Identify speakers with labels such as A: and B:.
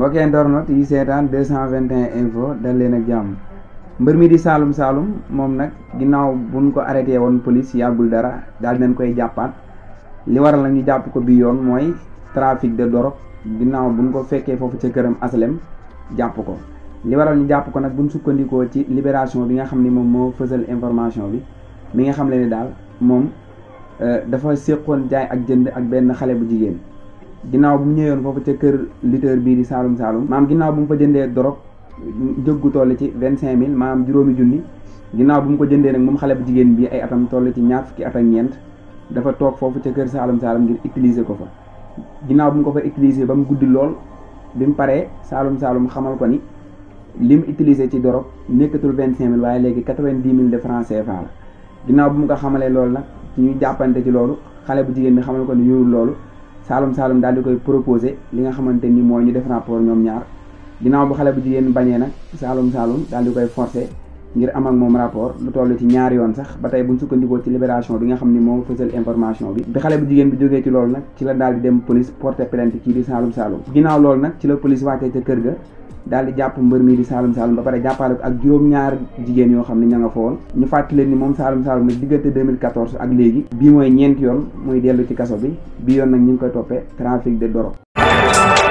A: mbokk internautes yi seetaan 221 info dal leen ak jàmm mbër mi di Saalum Saalum moom nag ginnaaw buñ ko arrêté woon police yàggul dara daal nañ koy jàppaat li waral na ñu jàpp ko bii yoon mooy trafic de drogue ginnaaw buñ ko fekkee foofu ca këram aslem jàpp ko li waral ñu jàpp ko nag bu buñ sukkandikoo ci libération bi nga xam ni moom moo fësal information bi mi nga xam ne ni daal moom euh, dafa séqoon jaay ak jënd ak benn xale bu jigéen ginnaaw bu mu ñëwoon foofu ca kër lutteur bii di Saalum Saalum maam ginnaaw bu mu fa jëndee dorog jëggu toll ci vingt cinq mille maanaam juróomi junni ginnaaw bu mu ko jëndee nag moom xale bu jigéen bi ay atam toll ci ñaar fukki at ñeent dafa toog foofu ca kër Saalum Saalum ngir utiliser ko fa ginnaaw bu mu ko fa utiliser ba mu guddi lool bi mu paree Saalum Saalum xamal ko ni li mu utiliser ci dorog nekkatul vingt cinq mille waaye léegi quatre vingt mille de francs CFA la ginnaaw mu ko xamalee loolu nag ñuy jàppante ci loolu xale bu jigéen bi xamal ko ni yorul loolu Saalum Saalum daal di koy proposé li nga xamante ni mooy ñu def rapport ñoom ñaar dina ginnaaw bu xale bu jigéen bañee nag Saalum Saalum daal di koy forcé ngir am ak moom rapport lu toll ci ñaar yoon sax ba tey buñ sukkandikoo ci libération bi nga xam ni moo fësal information bi bi xale bu jigéen bi jógee ci loolu nag ci la daal di dem police porté plainte kii di Saalum Saalum ginnaaw loolu nag ci la police wàccee ca kër ga daal jàpp mbër mii di Saalum Saalum ba pare jàppale ko ak juróom-ñaar jigéen yoo xam ne ña nga fool ñu fàttali leen ni moom Saalum Saalum nag diggante 2014 ak léegi bii mooy ñeenti yoon muy dellu koy toppee trafic de drogue